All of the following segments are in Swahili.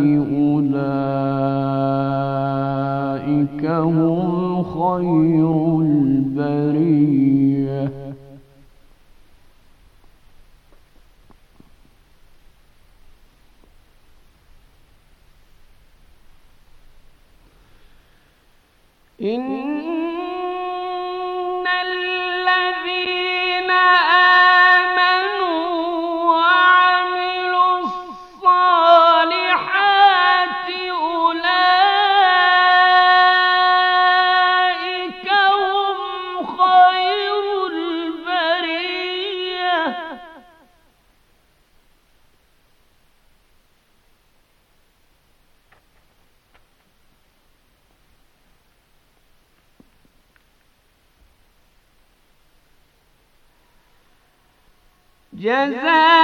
أولئك هم خير البرية إن 现在。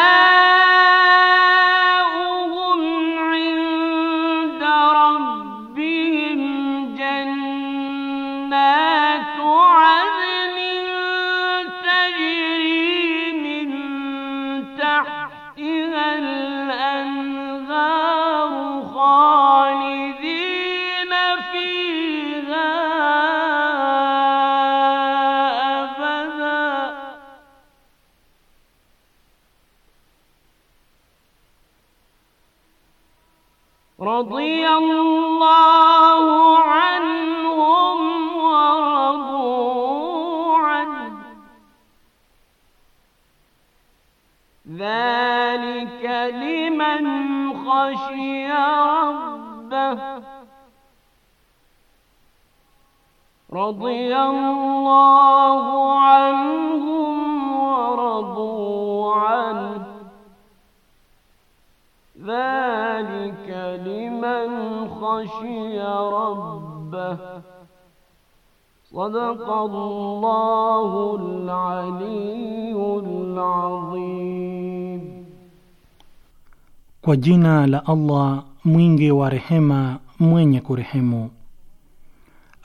رضي الله عنهم ورضوا عنه ذلك لمن خشي ربه صدق الله العلي العظيم Kwa jina la Allah mwingi wa rehema mwenye kurehemu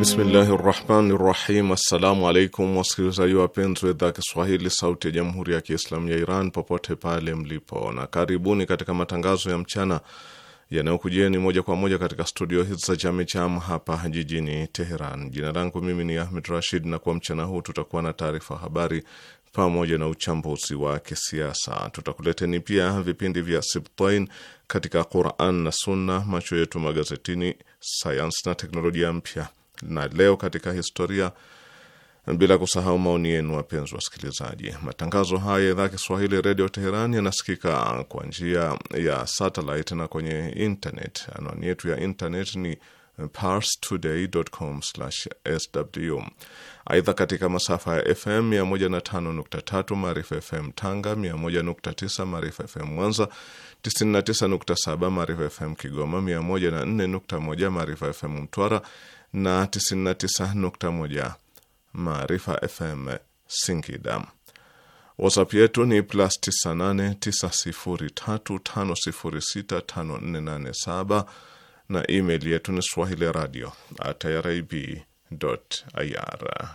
Bismillahi rahmani rahim. Assalamu alaikum wasikilizaji wapenzi wa idhaa ya Kiswahili sauti ya jamhuri ya Kiislamu ya Iran popote pale mlipo, na karibuni katika matangazo ya mchana yanayokujieni moja kwa moja katika studio hizi za Jamejam hapa jijini Teheran. Jina langu mimi ni Ahmed Rashid, na kwa mchana huu tutakuwa na taarifa habari pamoja na uchambuzi wa kisiasa. Tutakuleteni pia vipindi vya Sibtain katika Quran na Sunna, macho yetu magazetini, sayansi na teknolojia mpya na leo katika historia, bila kusahau maoni yenu, wapenzi wasikilizaji. Matangazo haya ya idhaa ya Kiswahili redio teheran yanasikika kwa njia ya satelit na kwenye internet. Anwani yetu ya internet ni parstoday.com/sw. Aidha, katika masafa ya FM 105.3 Maarifa FM Tanga, 101.9 Maarifa FM Mwanza, 99.7 Maarifa FM Kigoma, 104.1 Maarifa FM Mtwara na 99.1 Maarifa FM Singida. WhatsApp yetu ni plus 989035065487 na email yetu ni swahili radio at irib ir.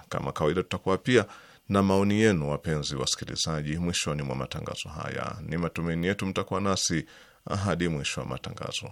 Kama kawaida, tutakuwa pia na maoni yenu, wapenzi wasikilizaji, mwishoni mwa matangazo haya. Ni matumaini yetu mtakuwa nasi hadi mwisho wa matangazo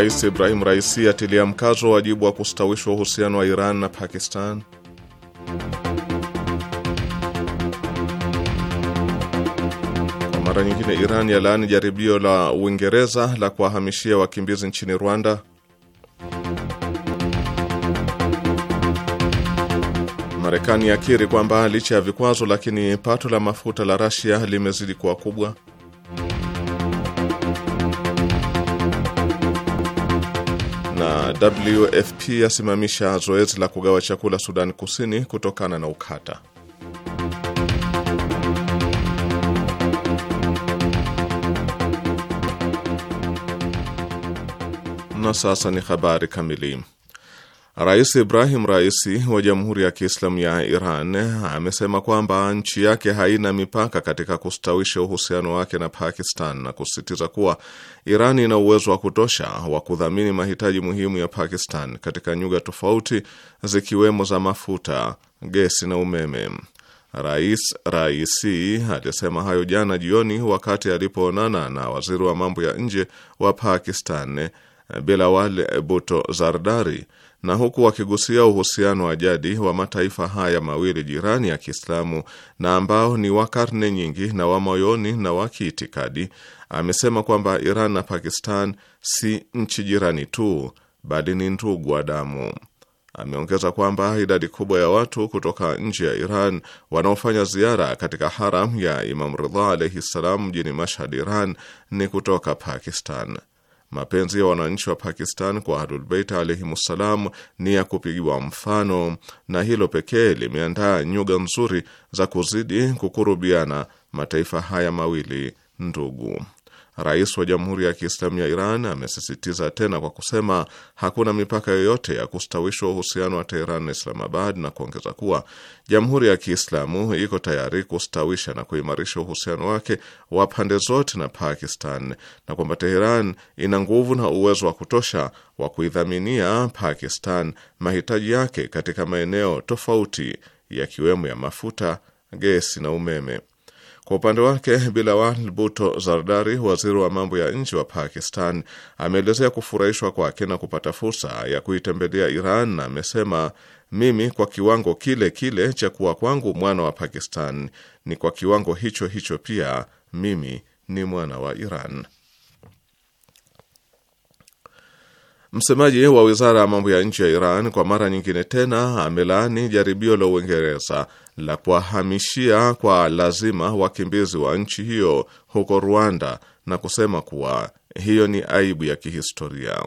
Rais Ibrahim Raisi atilia mkazo wajibu wa kustawishwa uhusiano wa Iran na Pakistan. Kwa mara nyingine, Iran yalaani jaribio la Uingereza la kuwahamishia wakimbizi nchini Rwanda. Marekani yakiri kwamba licha ya vikwazo, lakini pato la mafuta la Rasia limezidi kuwa kubwa. WFP yasimamisha zoezi la kugawa chakula Sudan Kusini kutokana na ukata. Na sasa ni habari kamili. Rais Ibrahim Raisi wa Jamhuri ya Kiislamu ya Iran amesema kwamba nchi yake haina mipaka katika kustawisha uhusiano wake na Pakistan na kusisitiza kuwa Iran ina uwezo wa kutosha wa kudhamini mahitaji muhimu ya Pakistan katika nyuga tofauti zikiwemo za mafuta, gesi na umeme. Rais Raisi alisema hayo jana jioni wakati alipoonana na waziri wa mambo ya nje wa Pakistan Bilawal Bhutto Zardari na huku wakigusia uhusiano wa jadi wa mataifa haya mawili jirani ya Kiislamu na ambao ni wa karne nyingi na wa moyoni na wa kiitikadi, amesema kwamba Iran na Pakistan si nchi jirani tu, bali ni ndugu wa damu. Ameongeza kwamba idadi kubwa ya watu kutoka nje ya Iran wanaofanya ziara katika haram ya Imam Ridha alaihi ssalam mjini Mashhad, Iran ni kutoka Pakistan. Mapenzi ya wananchi wa Pakistan kwa Ahlulbeit alaihimussalam ni ya kupigiwa mfano, na hilo pekee limeandaa nyuga nzuri za kuzidi kukurubiana mataifa haya mawili ndugu. Rais wa Jamhuri ya Kiislamu ya Iran amesisitiza tena kwa kusema hakuna mipaka yoyote ya kustawishwa uhusiano wa Teheran na Islamabad, na kuongeza kuwa Jamhuri ya Kiislamu iko tayari kustawisha na kuimarisha uhusiano wake wa pande zote na Pakistan, na kwamba Teheran ina nguvu na uwezo wa kutosha wa kuidhaminia Pakistan mahitaji yake katika maeneo tofauti yakiwemo ya mafuta, gesi na umeme. Kwa upande wake Bilawal Bhutto Zardari, waziri wa mambo ya nje wa Pakistan, ameelezea kufurahishwa kwake na kupata fursa ya kuitembelea Iran na amesema, mimi kwa kiwango kile kile cha kuwa kwangu mwana wa Pakistan, ni kwa kiwango hicho hicho pia mimi ni mwana wa Iran. Msemaji wa wizara ya mambo ya nje ya Iran kwa mara nyingine tena amelaani jaribio la Uingereza la kuwahamishia kwa lazima wakimbizi wa nchi hiyo huko Rwanda na kusema kuwa hiyo ni aibu ya kihistoria.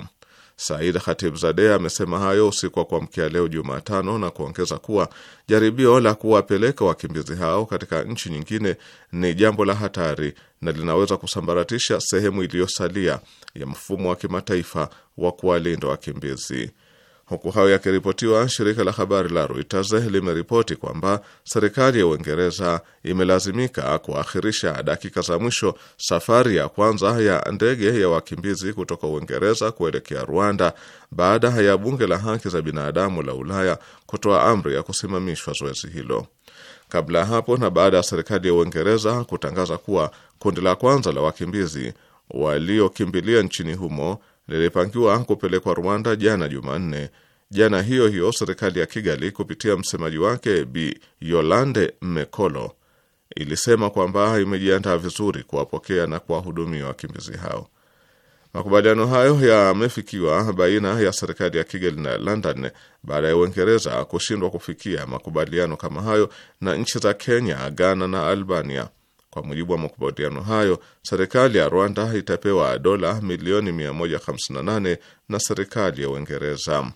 Said Khatibzadeh amesema hayo usiku wa kuamkia leo Jumatano na kuongeza kuwa jaribio la kuwapeleka wakimbizi hao katika nchi nyingine ni jambo la hatari na linaweza kusambaratisha sehemu iliyosalia ya mfumo wa kimataifa wa kuwalinda wakimbizi. Huku hayo yakiripotiwa, shirika la habari la Reuters limeripoti kwamba serikali ya Uingereza imelazimika kuakhirisha dakika za mwisho safari ya kwanza ya ndege ya wakimbizi kutoka Uingereza kuelekea Rwanda baada ya bunge la haki za binadamu la Ulaya kutoa amri ya kusimamishwa zoezi hilo. Kabla ya hapo na baada ya serikali ya Uingereza kutangaza kuwa kundi la kwanza la wakimbizi waliokimbilia nchini humo lilipangiwa kupelekwa Rwanda jana Jumanne. Jana hiyo hiyo serikali ya Kigali kupitia msemaji wake Bi Yolande Mekolo ilisema kwamba imejiandaa vizuri kuwapokea na kuwahudumia wakimbizi hao. Makubaliano hayo yamefikiwa baina ya serikali ya Kigali na London baada ya Uingereza kushindwa kufikia makubaliano kama hayo na nchi za Kenya, Ghana na Albania. Kwa mujibu wa makubaliano hayo, serikali ya Rwanda itapewa dola milioni 158 na serikali ya Uingereza.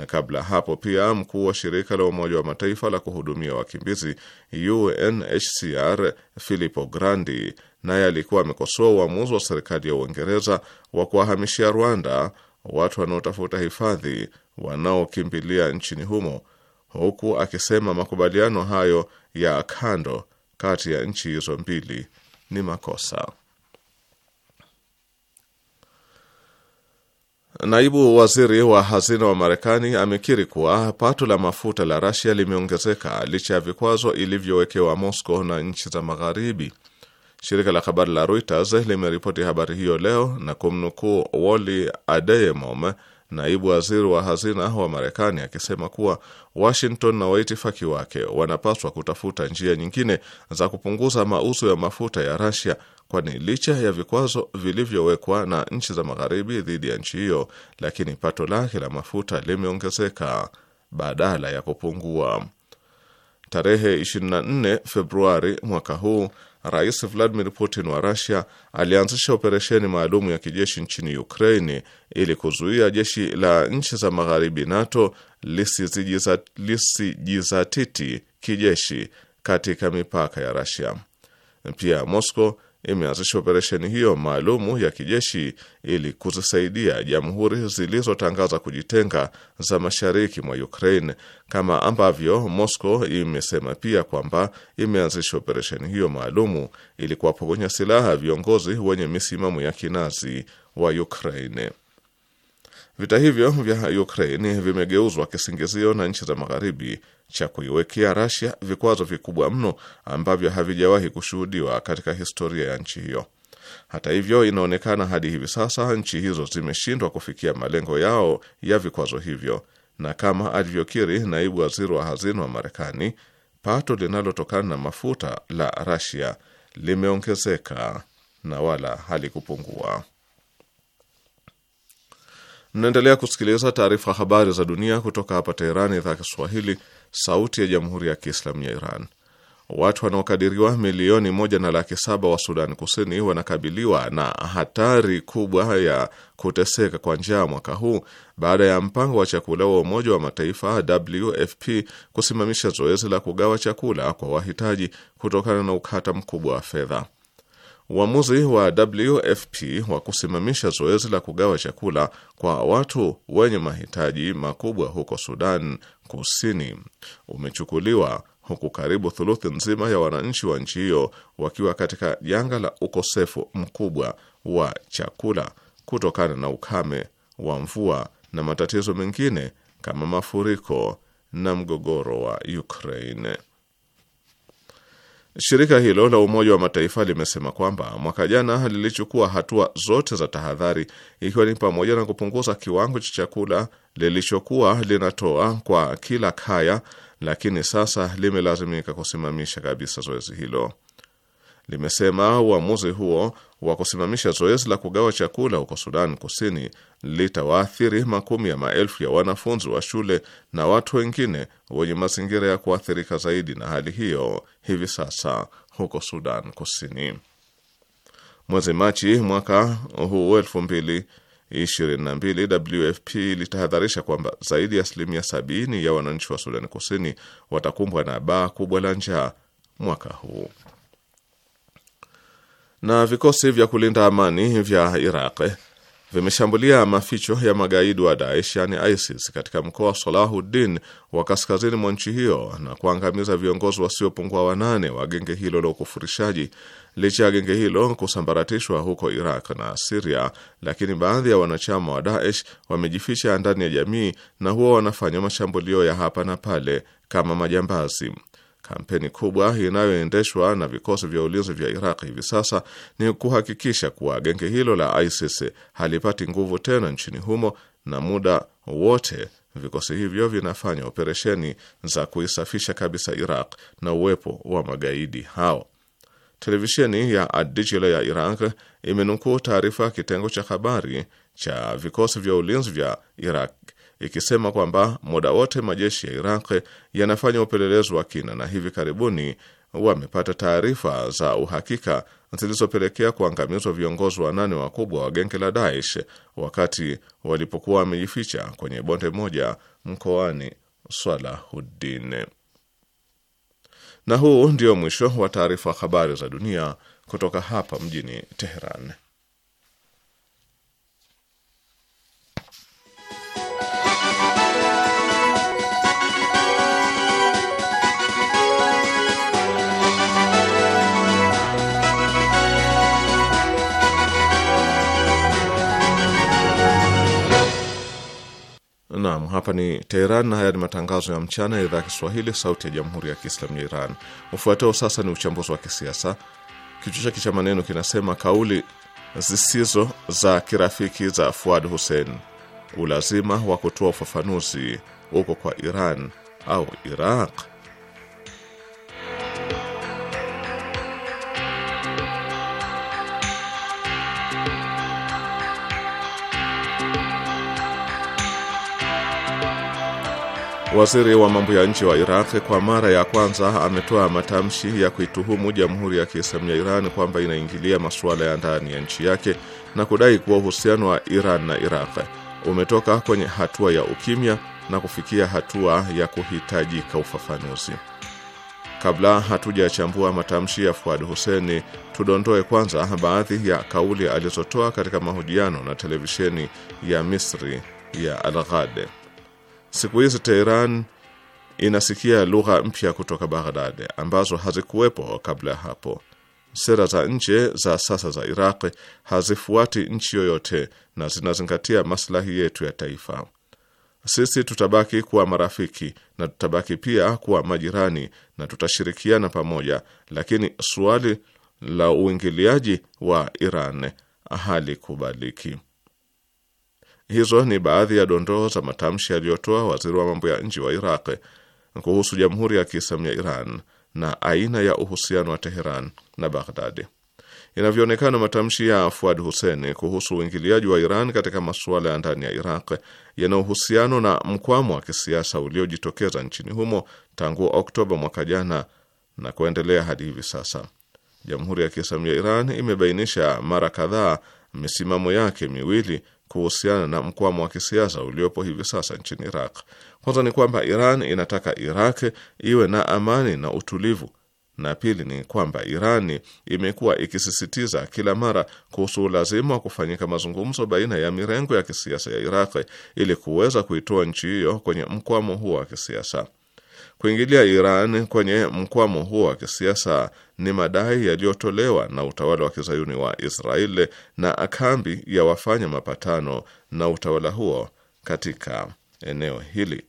Eh, kabla hapo pia mkuu wa shirika la Umoja wa Mataifa la kuhudumia wakimbizi UNHCR Filippo Grandi naye alikuwa amekosoa uamuzi wa serikali ya Uingereza wa kuwahamishia Rwanda watu wanaotafuta hifadhi wanaokimbilia nchini humo, huku akisema makubaliano hayo ya kando kati ya nchi hizo mbili ni makosa. Naibu waziri wa hazina wa Marekani amekiri kuwa pato la mafuta la Rasia limeongezeka licha ya vikwazo ilivyowekewa mosco na nchi za Magharibi. Shirika la habari la Reuters limeripoti habari hiyo leo na kumnukuu Woli Adeyemom naibu waziri wa hazina wa Marekani akisema kuwa Washington na waitifaki wake wanapaswa kutafuta njia nyingine za kupunguza mauzo ya mafuta ya Rasia, kwani licha ya vikwazo vilivyowekwa na nchi za Magharibi dhidi ya nchi hiyo, lakini pato lake la mafuta limeongezeka badala ya kupungua. Tarehe 24 Februari mwaka huu Rais Vladimir Putin wa Russia alianzisha operesheni maalumu ya kijeshi nchini Ukraini ili kuzuia jeshi la nchi za magharibi NATO lisijizatiti kijeshi katika mipaka ya Russia. Pia Moscow imeanzisha operesheni hiyo maalumu ya kijeshi ili kuzisaidia jamhuri zilizotangaza kujitenga za mashariki mwa Ukraine, kama ambavyo Moscow imesema pia kwamba imeanzisha operesheni hiyo maalumu ili kuwapokonya silaha viongozi wenye misimamo ya kinazi wa Ukraine. Vita hivyo vya Ukraine vimegeuzwa kisingizio na nchi za Magharibi cha kuiwekea Rasia vikwazo vikubwa mno ambavyo havijawahi kushuhudiwa katika historia ya nchi hiyo. Hata hivyo, inaonekana hadi hivi sasa nchi hizo zimeshindwa kufikia malengo yao ya vikwazo hivyo, na kama alivyokiri naibu waziri wa hazina wa Marekani, pato linalotokana na mafuta la Rasia limeongezeka na wala halikupungua. Mnaendelea kusikiliza taarifa habari za dunia kutoka hapa Teherani, idhaa ya Kiswahili, sauti ya jamhuri ya kiislamu ya Iran. Watu wanaokadiriwa milioni moja na laki saba wa Sudan Kusini wanakabiliwa na hatari kubwa ya kuteseka kwa njaa mwaka huu baada ya mpango wa chakula wa Umoja wa Mataifa WFP kusimamisha zoezi la kugawa chakula kwa wahitaji kutokana na ukata mkubwa wa fedha. Uamuzi wa WFP wa kusimamisha zoezi la kugawa chakula kwa watu wenye mahitaji makubwa huko Sudan Kusini umechukuliwa huku karibu thuluthi nzima ya wananchi wa nchi hiyo wakiwa katika janga la ukosefu mkubwa wa chakula kutokana na ukame wa mvua na matatizo mengine kama mafuriko na mgogoro wa Ukraine. Shirika hilo la Umoja wa Mataifa limesema kwamba mwaka jana lilichukua hatua zote za tahadhari, ikiwa ni pamoja na kupunguza kiwango cha chakula lilichokuwa linatoa kwa kila kaya, lakini sasa limelazimika kusimamisha kabisa zoezi hilo limesema uamuzi huo wa kusimamisha zoezi la kugawa chakula huko Sudan Kusini litawaathiri makumi ya maelfu ya wanafunzi wa shule na watu wengine wenye mazingira ya kuathirika zaidi na hali hiyo hivi sasa huko Sudan Kusini. Mwezi Machi mwaka huu elfu mbili mbili, WFP ilitahadharisha kwamba zaidi ya asilimia sabini ya wananchi wa Sudani Kusini watakumbwa na baa kubwa la njaa mwaka huu na vikosi vya kulinda amani vya Iraq vimeshambulia maficho ya magaidi wa Daesh yani ISIS katika mkoa wa Salahuddin wa kaskazini mwa nchi hiyo na kuangamiza viongozi wasiopungua wanane wa genge hilo la ukufurishaji. Licha ya genge hilo kusambaratishwa huko Iraq na Siria, lakini baadhi ya wanachama wa Daesh wamejificha ndani ya jamii na huwa wanafanya mashambulio ya hapa na pale kama majambazi. Kampeni kubwa inayoendeshwa na vikosi vya ulinzi vya Iraq hivi sasa ni kuhakikisha kuwa genge hilo la ISIS halipati nguvu tena nchini humo, na muda wote vikosi hivyo vinafanya operesheni za kuisafisha kabisa Iraq na uwepo wa magaidi hao. Televisheni ya Adijila ya Iraq imenukuu taarifa ya kitengo cha habari cha vikosi vya ulinzi vya Iraq ikisema kwamba muda wote majeshi ya Iraq yanafanya upelelezi wa kina na hivi karibuni wamepata taarifa za uhakika zilizopelekea kuangamizwa viongozi wanane wakubwa wa genge la Daesh wakati walipokuwa wamejificha kwenye bonde moja mkoani Salahuddin. Na huu ndio mwisho wa taarifa habari za dunia kutoka hapa mjini Teheran. Naam, hapa ni Teheran na haya ni matangazo ya mchana ya idhaa ya Kiswahili, sauti ya jamhuri ya kiislamu ya Iran. Ufuatao sasa ni uchambuzi wa kisiasa, kichwa chake cha maneno kinasema kauli zisizo za kirafiki za Fuad Hussein, ulazima wa kutoa ufafanuzi huko kwa Iran au Iraq. Waziri wa mambo ya nje wa Iraq kwa mara ya kwanza ametoa matamshi ya kuituhumu Jamhuri ya Kiislamu ya Iran kwamba inaingilia masuala ya ndani ya nchi yake na kudai kuwa uhusiano wa Iran na Iraq umetoka kwenye hatua ya ukimya na kufikia hatua ya kuhitajika ufafanuzi. Kabla hatujachambua matamshi ya Fuad Huseni, tudondoe kwanza baadhi ya kauli alizotoa katika mahojiano na televisheni ya Misri ya Al ghade Siku hizi Teheran inasikia lugha mpya kutoka Baghdad ambazo hazikuwepo kabla ya hapo. Sera za nje za sasa za Iraq hazifuati nchi yoyote na zinazingatia maslahi yetu ya taifa. Sisi tutabaki kuwa marafiki na tutabaki pia kuwa majirani na tutashirikiana pamoja, lakini suali la uingiliaji wa Iran halikubaliki. Hizo ni baadhi ya dondoo za matamshi aliyotoa waziri wa mambo ya nje wa Iraq kuhusu Jamhuri ya Kiislamu ya Iran na aina ya uhusiano wa Teheran na Baghdadi. Inavyoonekana, matamshi ya Fuad Hussein kuhusu uingiliaji wa Iran katika masuala ya ndani ya Iraq yana uhusiano na mkwamo wa kisiasa uliojitokeza nchini humo tangu Oktoba mwaka jana na kuendelea hadi hivi sasa. Jamhuri ya Kiislamu ya Iran imebainisha mara kadhaa misimamo yake miwili kuhusiana na mkwamo wa kisiasa uliopo hivi sasa nchini Iraq. Kwanza ni kwamba Iran inataka Iraq iwe na amani na utulivu, na pili ni kwamba Irani imekuwa ikisisitiza kila mara kuhusu ulazima wa kufanyika mazungumzo baina ya mirengo ya kisiasa ya Iraq ili kuweza kuitoa nchi hiyo kwenye mkwamo huo wa kisiasa. Kuingilia Iran kwenye mkwamo huo wa kisiasa ni madai yaliyotolewa na utawala wa kizayuni wa Israeli na kambi ya wafanya mapatano na utawala huo katika eneo hili.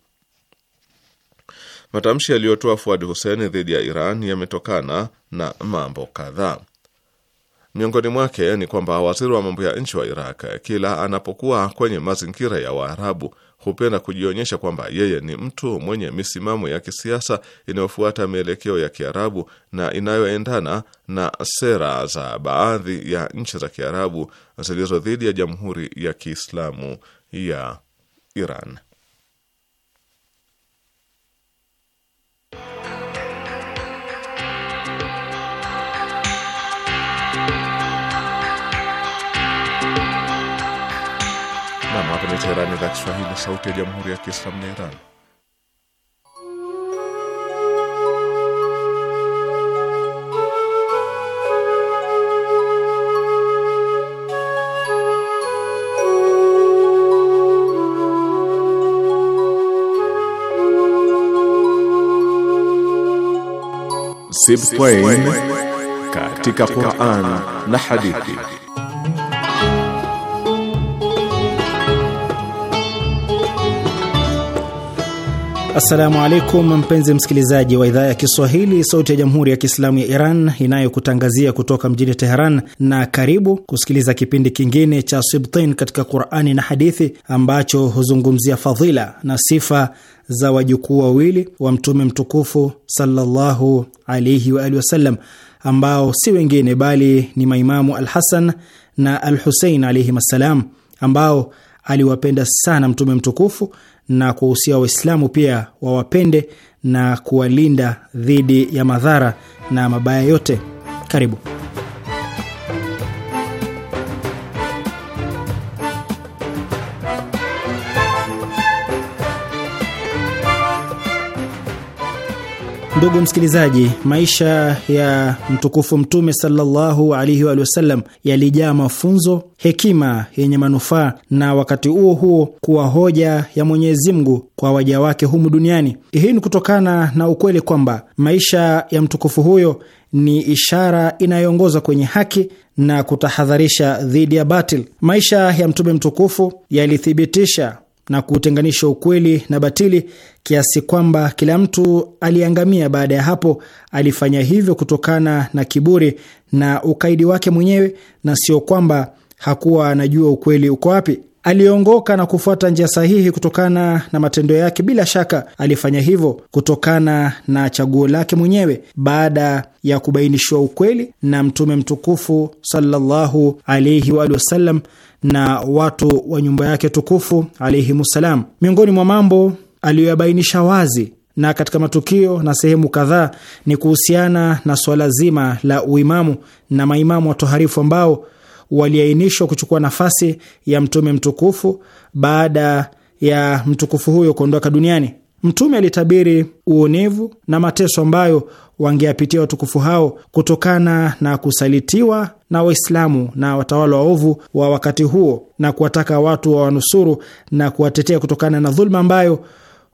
Matamshi yaliyotoa Fuad Hussein dhidi ya Iran yametokana na mambo kadhaa. Miongoni mwake ni kwamba waziri wa mambo ya nchi wa Iraq kila anapokuwa kwenye mazingira ya Waarabu hupenda kujionyesha kwamba yeye ni mtu mwenye misimamo ya kisiasa inayofuata mielekeo ya Kiarabu na inayoendana na sera za baadhi ya nchi za Kiarabu zilizo dhidi ya Jamhuri ya Kiislamu ya Iran. Na hapa ni Teherani, idhaa Kiswahili, sauti ya jamhuri ya kiislamu ya Iran. Sibtain katika Qur'an na hadithi Assalamu alaikum mpenzi msikilizaji wa idhaa ya Kiswahili, sauti ya jamhuri ya kiislamu ya Iran inayokutangazia kutoka mjini Teheran, na karibu kusikiliza kipindi kingine cha sibtin katika Qurani na Hadithi ambacho huzungumzia fadhila na sifa za wajukuu wawili wa Mtume mtukufu sallallahu alaihi wa alihi wasallam ambao si wengine bali ni maimamu Al Hasan na Al Husein alaihim assalam, ambao aliwapenda sana Mtume mtukufu na kuwahusia Waislamu pia wawapende na kuwalinda dhidi ya madhara na mabaya yote. Karibu. Ndugu msikilizaji, maisha ya mtukufu Mtume sallallahu alaihi wa sallam yalijaa mafunzo, hekima yenye manufaa na wakati huo huo kuwa hoja ya Mwenyezi Mungu kwa waja wake humu duniani. Hii ni kutokana na ukweli kwamba maisha ya mtukufu huyo ni ishara inayoongoza kwenye haki na kutahadharisha dhidi ya batil. Maisha ya Mtume mtukufu yalithibitisha na kutenganisha ukweli na batili kiasi kwamba kila mtu aliangamia. Baada ya hapo, alifanya hivyo kutokana na kiburi na ukaidi wake mwenyewe, na sio kwamba hakuwa anajua ukweli uko wapi aliongoka na kufuata njia sahihi kutokana na matendo yake. Bila shaka alifanya hivyo kutokana na chaguo lake mwenyewe baada ya kubainishiwa ukweli na Mtume mtukufu sallallahu alaihi wa alihi wasallam na watu wa nyumba yake tukufu alaihimussalam. Miongoni mwa mambo aliyoyabainisha wazi na katika matukio na sehemu kadhaa ni kuhusiana na swala zima la uimamu na maimamu watoharifu ambao waliainishwa kuchukua nafasi ya mtume mtukufu baada ya mtukufu huyo kuondoka duniani. Mtume alitabiri uonevu na mateso ambayo wangeapitia watukufu hao kutokana na kusalitiwa na Waislamu na watawala waovu wa wakati huo, na kuwataka watu wa wanusuru na kuwatetea kutokana na dhuluma ambayo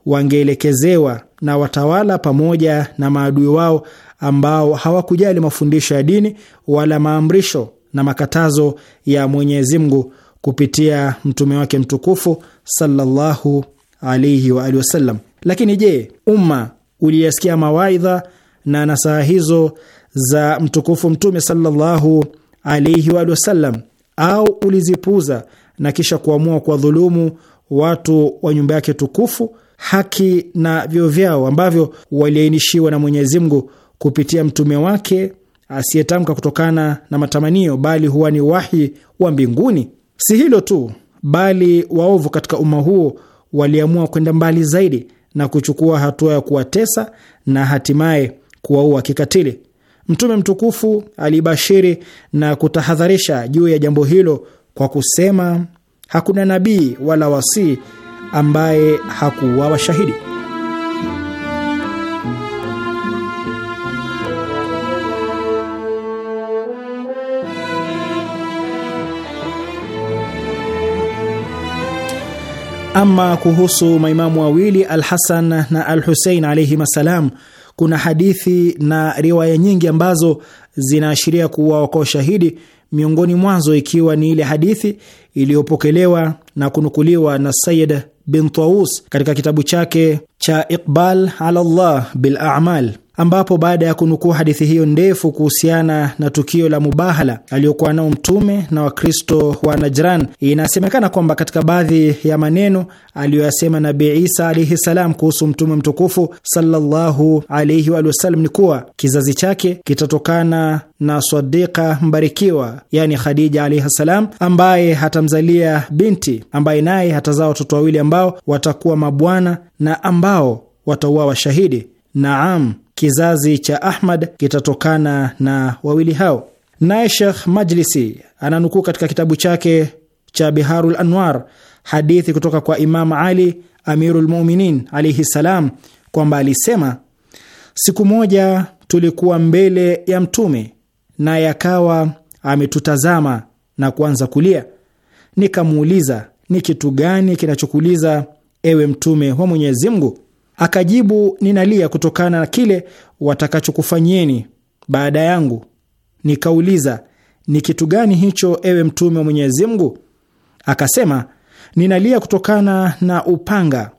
wangeelekezewa na watawala pamoja na maadui wao ambao hawakujali mafundisho ya dini wala maamrisho na makatazo ya Mwenyezi Mungu kupitia mtume wake mtukufu sallallahu alaihi wa alihi wasallam. Lakini je, umma uliyasikia mawaidha na nasaha hizo za mtukufu mtume sallallahu alaihi wa alihi wasallam au ulizipuza na kisha kuamua kwa dhulumu watu wa nyumba yake tukufu haki na vyo vyao ambavyo waliainishiwa na Mwenyezi Mungu kupitia mtume wake asiyetamka kutokana na matamanio, bali huwa ni wahi wa mbinguni. Si hilo tu, bali waovu katika umma huo waliamua kwenda mbali zaidi na kuchukua hatua ya kuwatesa na hatimaye kuwaua kikatili. Mtume mtukufu alibashiri na kutahadharisha juu ya jambo hilo kwa kusema, hakuna nabii wala wasii ambaye hakuuawa shahidi. Ama kuhusu maimamu wawili Al-Hasan na Al-Husein alayhim assalam, kuna hadithi na riwaya nyingi ambazo zinaashiria kuwa kwa shahidi, miongoni mwazo ikiwa ni ile hadithi iliyopokelewa na kunukuliwa na sayid bin Taus katika kitabu chake cha Iqbal ala Allah bil A'mal ambapo baada ya kunukuu hadithi hiyo ndefu kuhusiana na tukio la mubahala aliyokuwa nao Mtume na Wakristo wa Najran, inasemekana kwamba katika baadhi ya maneno aliyoyasema Nabii Isa alaihi salam kuhusu Mtume mtukufu sallallahu alaihi wa sallam ni kuwa kizazi chake kitatokana na swadika mbarikiwa, yani Khadija alaihi salam, ambaye hatamzalia binti, ambaye naye hatazaa watoto wawili ambao watakuwa mabwana na ambao watauawa shahidi. Naam, kizazi cha Ahmad kitatokana na wawili hao. Naye Shekh Majlisi ananukuu katika kitabu chake cha Biharul Anwar hadithi kutoka kwa Imam Ali Amirul Muminin alaihi ssalam kwamba alisema, siku moja tulikuwa mbele ya Mtume naye akawa ametutazama na kuanza kulia. Nikamuuliza, ni kitu gani kinachokuliza ewe Mtume wa Mwenyezi Mungu? Akajibu, ninalia kutokana na kile watakachokufanyieni baada yangu. Nikauliza, ni kitu gani hicho, ewe Mtume wa Mwenyezi Mungu? Akasema, ninalia kutokana na upanga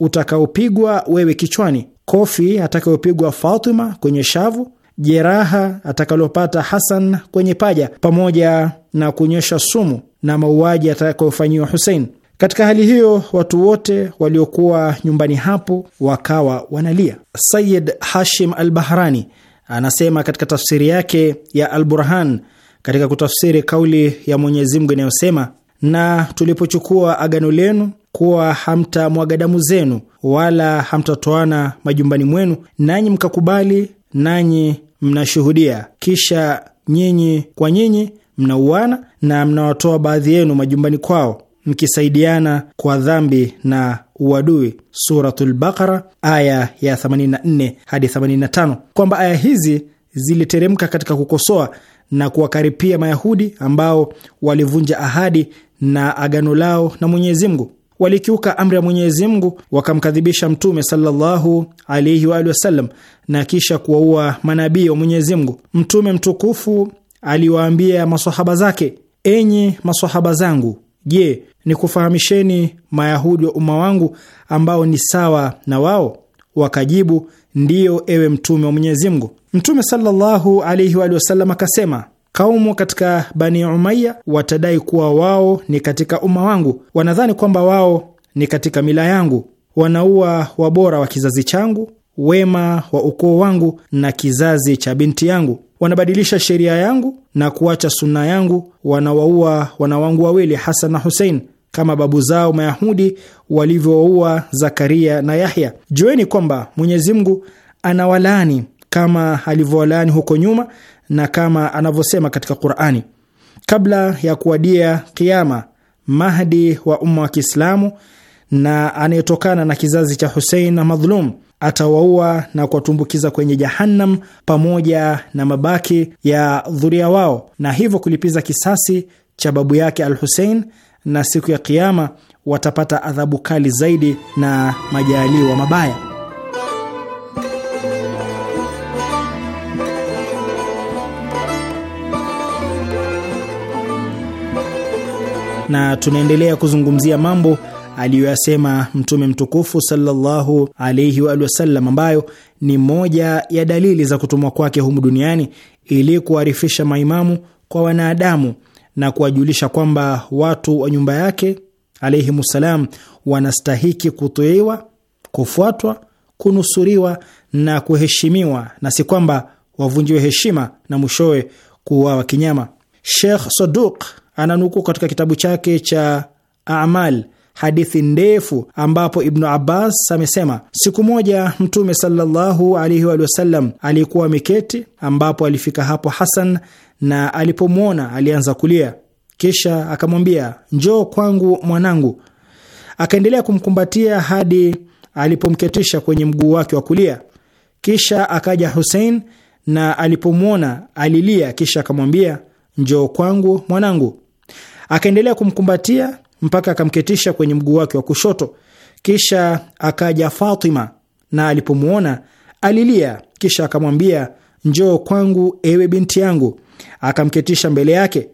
utakaopigwa wewe kichwani, kofi atakayopigwa Fatima kwenye shavu, jeraha atakalopata Hasan kwenye paja, pamoja na kunyesha sumu na mauaji atakayofanyiwa Husein. Katika hali hiyo, watu wote waliokuwa nyumbani hapo wakawa wanalia. Sayid Hashim al Bahrani anasema katika tafsiri yake ya Al Burhan katika kutafsiri kauli ya Mwenyezi Mungu inayosema, na tulipochukua agano lenu kuwa hamtamwaga damu zenu wala hamtatoana majumbani mwenu, nanyi mkakubali, nanyi mnashuhudia, kisha nyinyi kwa nyinyi mnauana na mnawatoa baadhi yenu majumbani kwao mkisaidiana kwa dhambi na uadui, Suratul Baqara aya ya 84 hadi 85, kwamba aya hizi ziliteremka katika kukosoa na kuwakaripia Mayahudi ambao walivunja ahadi na agano lao na Mwenyezi Mungu. Walikiuka amri ya Mwenyezi Mungu, wakamkadhibisha Mtume sallallahu alaihi wa alihi wasallam, na kisha kuwaua manabii wa Mwenyezi Mungu. Mtume mtukufu aliwaambia masahaba zake, enyi masahaba zangu Je, ni kufahamisheni Mayahudi wa umma wangu ambao ni sawa na wao? Wakajibu, ndiyo, ewe Mtume wa Mwenyezi Mungu. Mtume sallallahu alaihi wa sallam akasema, kaumu katika Bani Umaya watadai kuwa wao ni katika umma wangu, wanadhani kwamba wao ni katika mila yangu, wanaua wabora wa kizazi changu, wema wa ukoo wangu na kizazi cha binti yangu wanabadilisha sheria yangu na kuacha sunna yangu, wanawaua wana wangu wawili Hasan na Husein kama babu zao Mayahudi walivyowaua Zakaria na Yahya. Jueni kwamba Mwenyezi Mungu anawalaani kama alivyowalaani huko nyuma na kama anavyosema katika Qur'ani. Kabla ya kuwadia kiama, Mahdi wa umma wa Kiislamu na anayetokana na kizazi cha Husein na madhulum atawaua na kuwatumbukiza kwenye Jahannam pamoja na mabaki ya dhuria wao, na hivyo kulipiza kisasi cha babu yake Al Husein, na siku ya Kiama watapata adhabu kali zaidi na majaaliwa mabaya. na tunaendelea kuzungumzia mambo aliyoyasema Mtume mtukufu sallallahu alaihi wa sallam, ambayo ni moja ya dalili za kutumwa kwake humu duniani ili kuarifisha maimamu kwa wanadamu na kuwajulisha kwamba watu wa nyumba yake alaihimussalam wanastahiki kutuiwa kufuatwa, kunusuriwa na kuheshimiwa, na si kwamba wavunjiwe heshima na mwishowe kuuawa kinyama. Sheikh Saduq ananukuu katika kitabu chake cha Amal hadithi ndefu ambapo Ibnu Abbas amesema siku moja Mtume sallallahu alaihi wa sallam alikuwa ameketi, ambapo alifika hapo Hasan na alipomwona alianza kulia, kisha akamwambia njoo kwangu mwanangu. Akaendelea kumkumbatia hadi alipomketisha kwenye mguu wake wa kulia. Kisha akaja Husein na alipomwona alilia, kisha akamwambia njoo kwangu mwanangu. Akaendelea kumkumbatia mpaka akamketisha kwenye mguu wake wa kushoto. Kisha akaja Fatima, na alipomwona alilia, kisha akamwambia, njoo kwangu ewe binti yangu. Akamketisha mbele yake,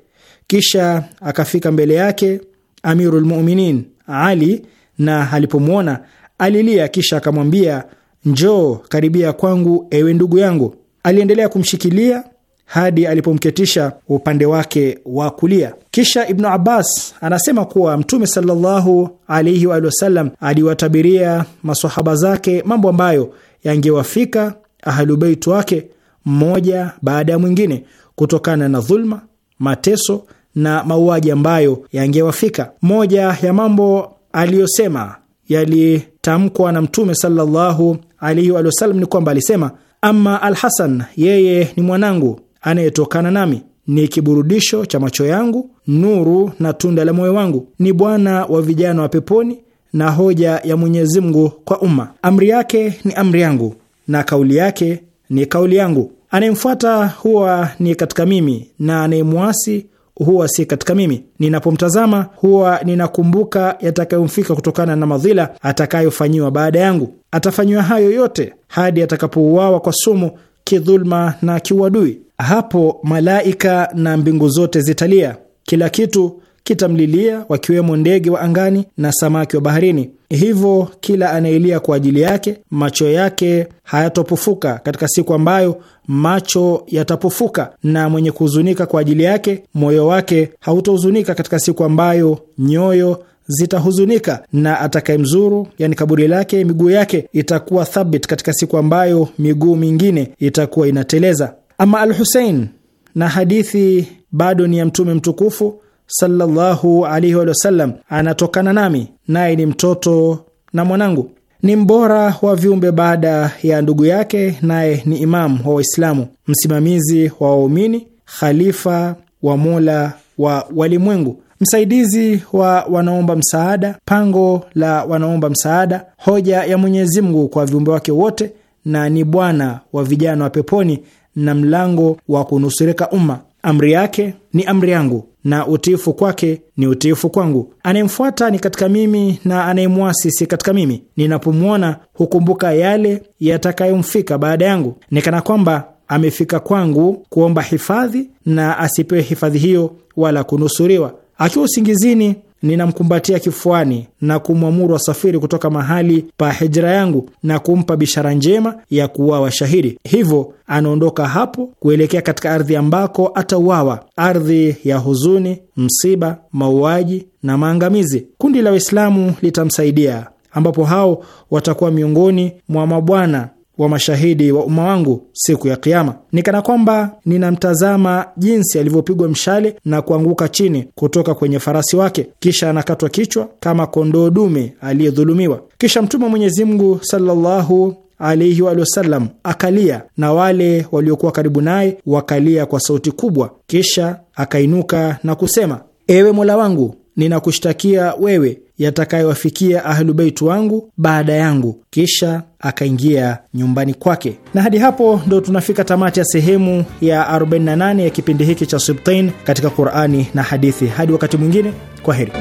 kisha akafika mbele yake Amirul Mu'minin Ali, na alipomwona alilia, kisha akamwambia, njoo karibia kwangu ewe ndugu yangu. Aliendelea kumshikilia hadi alipomketisha upande wake wa kulia. Kisha Ibnu Abbas anasema kuwa Mtume sallallahu alaihi wa sallam aliwatabiria masahaba zake mambo ambayo yangewafika ahlubeit wake mmoja baada ya mwingine kutokana na dhulma, mateso na mauaji ambayo yangewafika. Moja ya mambo aliyosema yalitamkwa na Mtume sallallahu alaihi wa sallam ni kwamba alisema, ama Alhasan, yeye ni mwanangu anayetokana nami, ni kiburudisho cha macho yangu, nuru na tunda la moyo wangu, ni Bwana wa vijana wa peponi na hoja ya Mwenyezi Mungu kwa umma. Amri yake ni amri yangu na kauli yake ni kauli yangu. Anayemfuata huwa ni katika mimi na anayemwasi huwa si katika mimi. Ninapomtazama huwa ninakumbuka yatakayomfika kutokana na madhila atakayofanyiwa baada yangu. Atafanyiwa hayo yote hadi atakapouawa kwa sumu, kidhulma na kiuadui hapo malaika na mbingu zote zitalia, kila kitu kitamlilia, wakiwemo ndege wa angani na samaki wa baharini. Hivyo kila anayelia kwa ajili yake macho yake hayatopofuka katika siku ambayo macho yatapofuka, na mwenye kuhuzunika kwa ajili yake moyo wake hautohuzunika katika siku ambayo nyoyo zitahuzunika na atakayemzuru, yani kaburi lake, miguu yake itakuwa thabit katika siku ambayo miguu mingine itakuwa inateleza. Ama al Husein, na hadithi bado ni ya Mtume mtukufu sallallahu alaihi wasallam, anatokana nami, naye ni mtoto na mwanangu, ni mbora wa viumbe baada ya ndugu yake, naye ni imamu wa Waislamu, msimamizi wa waumini, khalifa wa mola wa walimwengu, msaidizi wa wanaomba msaada, pango la wanaomba msaada, hoja ya Mwenyezi Mungu kwa viumbe wake wote, na ni bwana wa vijana wa peponi na mlango wa kunusurika umma. Amri yake ni amri yangu na utiifu kwake ni utiifu kwangu. Anayemfuata ni katika mimi na anayemwasi si katika mimi. Ninapomwona hukumbuka yale yatakayomfika baada yangu, ni kana kwamba amefika kwangu kuomba hifadhi na asipewe hifadhi hiyo wala kunusuriwa. Akiwa usingizini ninamkumbatia kifuani na kumwamuru wasafiri kutoka mahali pa hijra yangu na kumpa bishara njema ya kuuawa shahidi. Hivyo anaondoka hapo kuelekea katika ardhi ambako atauawa, ardhi ya huzuni, msiba, mauaji na maangamizi. Kundi la Waislamu litamsaidia ambapo hao watakuwa miongoni mwa mabwana wa mashahidi wa umma wangu siku ya Kiama. Nikana kwamba ninamtazama jinsi alivyopigwa mshale na kuanguka chini kutoka kwenye farasi wake, kisha anakatwa kichwa kama kondoo dume aliyedhulumiwa. Kisha Mtume wa Mwenyezi Mungu sallallahu alaihi wa sallam akalia na wale waliokuwa karibu naye wakalia kwa sauti kubwa, kisha akainuka na kusema, ewe mola wangu ninakushtakia wewe yatakayowafikia ahlubeit wangu baada yangu. Kisha akaingia nyumbani kwake. Na hadi hapo ndo tunafika tamati ya sehemu ya 48 ya kipindi hiki cha Sibtain katika Qurani na hadithi. Hadi wakati mwingine, kwa heri.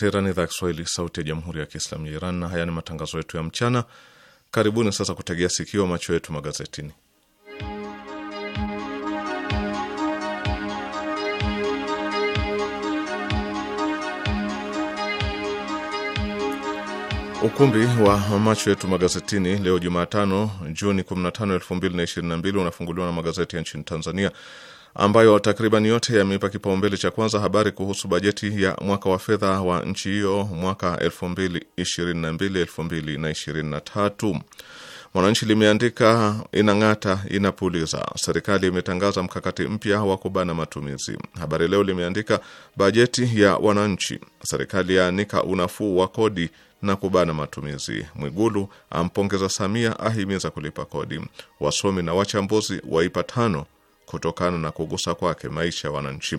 Teheran, idhaa ya Kiswahili, sauti ya jamhuri ya kiislamu ya Iran. Na haya ni matangazo yetu ya mchana. Karibuni sasa kutegea sikio, macho yetu magazetini. Ukumbi wa macho yetu magazetini leo Jumatano, Juni 15, 2022 unafunguliwa na magazeti ya nchini Tanzania ambayo takriban yote yameipa kipaumbele cha kwanza habari kuhusu bajeti ya mwaka wa fedha wa nchi hiyo mwaka 2022-2023. Mwananchi limeandika inang'ata, inapuliza, serikali imetangaza mkakati mpya wa kubana matumizi. Habari Leo limeandika bajeti ya wananchi, serikali yaanika unafuu wa kodi na kubana matumizi. Mwigulu ampongeza Samia, ahimiza kulipa kodi. Wasomi na wachambuzi waipa tano kutokana na kugusa kwake maisha ya wananchi.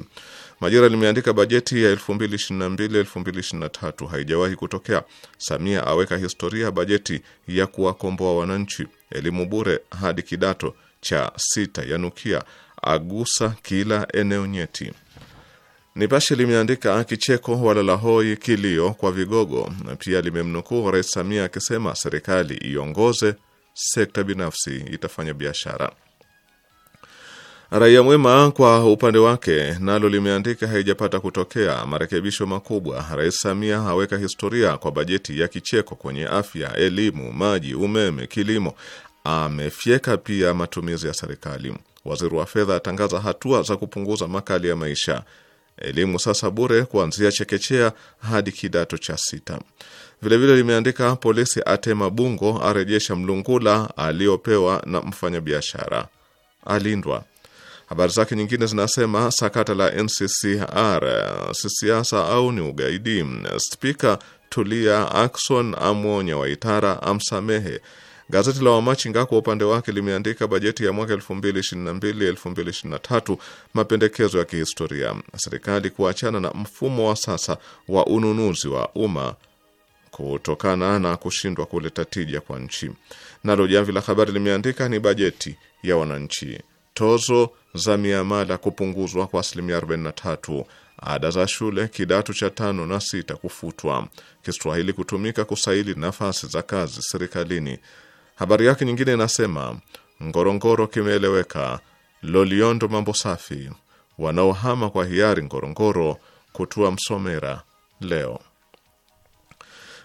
Majira limeandika bajeti ya 2022 2023 haijawahi kutokea. Samia aweka historia bajeti ya kuwakomboa wananchi. Elimu bure hadi kidato cha sita yanukia, agusa kila eneo nyeti. Nipashe limeandika kicheko, walala hoi, kilio kwa vigogo. Pia limemnukuu Rais Samia akisema serikali iongoze, sekta binafsi itafanya biashara. Raia Mwema kwa upande wake nalo limeandika haijapata kutokea marekebisho makubwa. Rais Samia aweka historia kwa bajeti ya kicheko kwenye afya, elimu, maji, umeme, kilimo. Amefyeka pia matumizi ya serikali. Waziri wa fedha atangaza hatua za kupunguza makali ya maisha. Elimu sasa bure kuanzia chekechea hadi kidato cha sita. Vilevile limeandika polisi atema bungo, arejesha mlungula aliopewa na mfanyabiashara, alindwa Habari zake nyingine zinasema sakata la NCCR si siasa au ni ugaidi. Spika Tulia Akson amwonya Waitara amsamehe. Gazeti la Wamachinga kwa upande wake limeandika bajeti ya mwaka 2022 2023, mapendekezo ya kihistoria, serikali kuachana na mfumo wa sasa wa ununuzi wa umma kutokana na kushindwa kuleta tija kwa nchi. Nalo jamvi la habari limeandika ni bajeti ya wananchi tozo za miamala kupunguzwa kwa asilimia 43, ada za shule kidato cha tano na sita kufutwa, Kiswahili kutumika kusaili nafasi za kazi serikalini. Habari yake nyingine inasema Ngorongoro kimeeleweka, Loliondo mambo safi, wanaohama kwa hiari Ngorongoro kutua Msomera leo.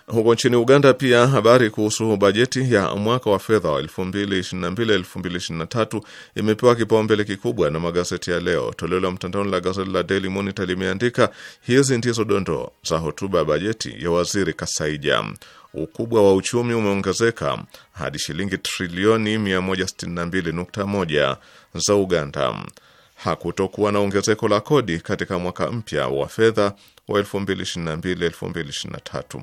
Huko nchini Uganda pia habari kuhusu bajeti ya mwaka wa fedha wa 2022/2023 imepewa kipaumbele kikubwa na magazeti ya leo. Toleo la mtandaoni la gazeti la Daily Monitor limeandika hizi ndizo dondoo za hotuba ya bajeti ya Waziri Kasaija. Ukubwa wa uchumi umeongezeka hadi shilingi trilioni 162.1 za Uganda. Hakutokuwa na ongezeko la kodi katika mwaka mpya wa fedha wa 2022/2023.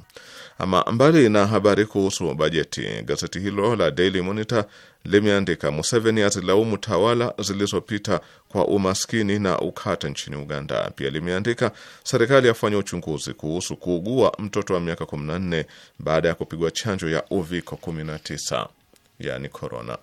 Ama mbali na habari kuhusu bajeti, gazeti hilo la Daily Monitor limeandika Museveni azilaumu tawala zilizopita kwa umaskini na ukata nchini Uganda. Pia limeandika serikali yafanya uchunguzi kuhusu kuugua mtoto wa miaka 14 baada ya kupigwa chanjo ya uviko 19, yani corona.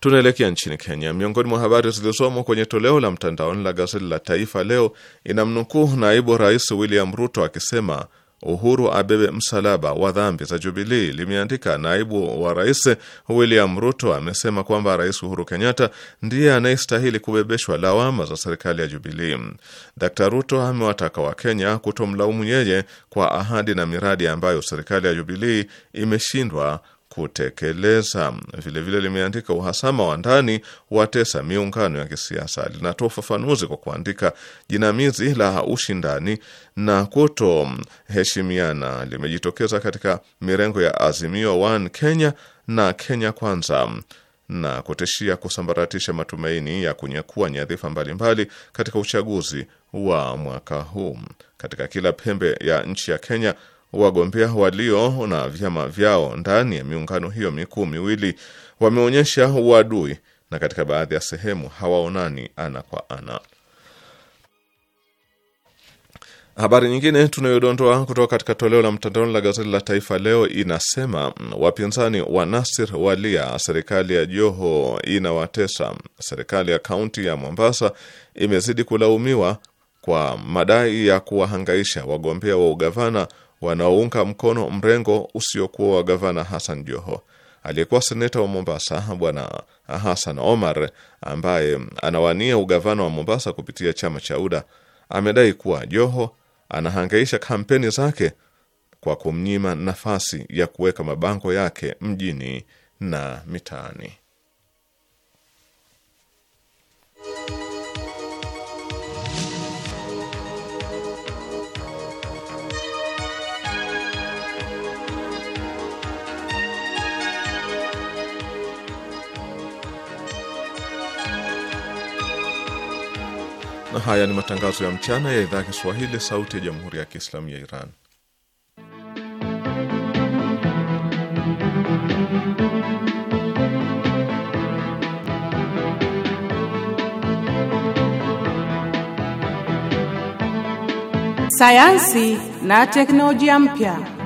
Tunaelekea nchini Kenya. Miongoni mwa habari zilizomo kwenye toleo la mtandaoni la gazeti la Taifa Leo inamnukuu naibu rais William Ruto akisema uhuru abebe msalaba wa dhambi za Jubilii, limeandika naibu wa rais William Ruto amesema kwamba Rais Uhuru Kenyatta ndiye anayestahili kubebeshwa lawama za serikali ya Jubilii. d Ruto amewataka Wakenya kutomlaumu yeye kwa ahadi na miradi ambayo serikali ya Jubilii imeshindwa kutekeleza. Vilevile limeandika uhasama wa ndani watesa miungano ya kisiasa. Linatoa ufafanuzi kwa kuandika, jinamizi la ushindani na kutoheshimiana limejitokeza katika mirengo ya Azimio One Kenya na Kenya Kwanza na kutishia kusambaratisha matumaini ya kunyakua nyadhifa mbalimbali katika uchaguzi wa mwaka huu. Katika kila pembe ya nchi ya Kenya Wagombea walio na vyama vyao ndani ya miungano hiyo mikuu miwili wameonyesha uadui na katika baadhi ya sehemu hawaonani ana kwa ana. Habari nyingine tunayodondoa kutoka katika toleo la mtandaoni la gazeti la Taifa Leo inasema wapinzani wa Nasir walia serikali ya Joho inawatesa. Serikali ya kaunti ya Mombasa imezidi kulaumiwa kwa madai ya kuwahangaisha wagombea wa ugavana wanaounga mkono mrengo usiokuwa wa gavana Hassan Joho. Aliyekuwa seneta wa Mombasa Bwana Hassan Omar, ambaye anawania ugavana wa Mombasa kupitia chama cha UDA, amedai kuwa Joho anahangaisha kampeni zake kwa kumnyima nafasi ya kuweka mabango yake mjini na mitaani. Na haya ni matangazo ya mchana ya idhaa ya Kiswahili, sauti ya jamhuri ya kiislamu ya Iran. Sayansi na teknolojia mpya.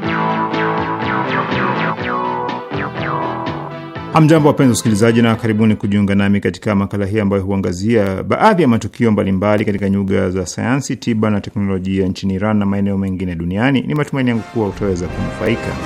Hamjambo, wapenzi wasikilizaji, na karibuni kujiunga nami katika makala hii ambayo huangazia baadhi ya matukio mbalimbali katika nyuga za sayansi, tiba na teknolojia nchini Iran na maeneo mengine duniani. Ni matumaini yangu kuwa utaweza kunufaika.